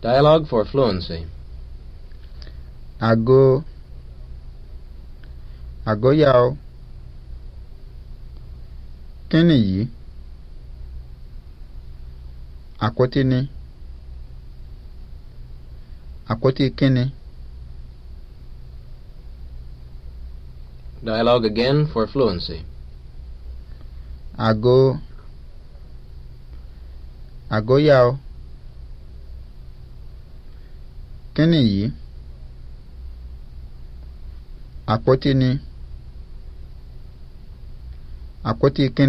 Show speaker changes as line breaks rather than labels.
Dialogue for fluency. Ago.
Ago yao. Kí ni yìí? Àkótí ni. Àkótí kí
Dialogue again for fluency.
Ago. Ago yao. kí ni yìí àpótí ni àpótí kí